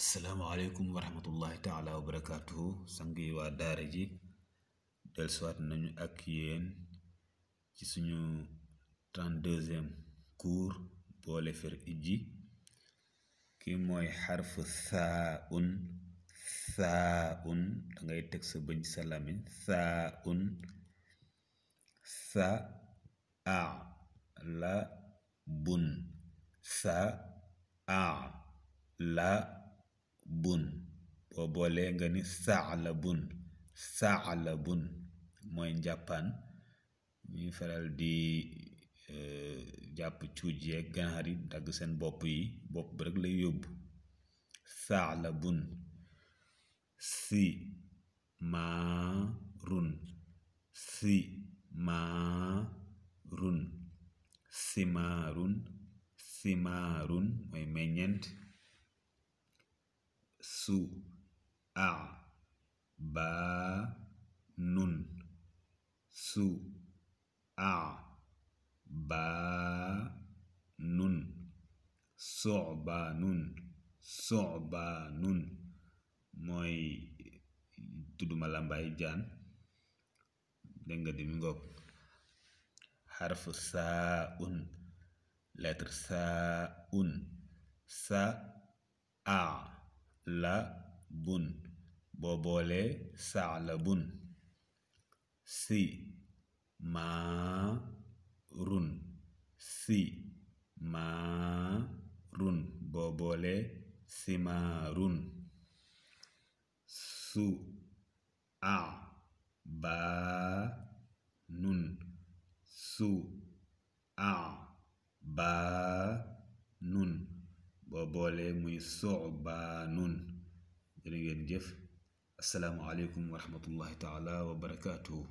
Assalamualaikum warahmatullahi warahmatullahi taala wabarakatuh. Sangi wa yi waa daara ji delsuwaat nañu ak yeen ci suñu 32e cours boole fer ijji ki moy harf saun da ngay tek sa bëñ salamin sa a la bun sa la bun bo boolee nga ni saala bun saala bun mooy japan ñuy faral di eh, jàpp cuuj yeeg eh, ganaar yi dag sen bop yi bun, si rek lay marun, bun si marun si marun simarun simarun mooy Su su a a ba ba ba nun nun nun su'abanun ba nun mooy tudduma lambay jaan dégg nga di harf sa un sa'un sa sa'un sa a la bun boo boolee bun si maa run si maa run boo boolee run su a baa nun su a baa boole muy sobaanun jërë ngeen jëf asalaamualeykum wa rahmatullahi taala wa barakaatuhu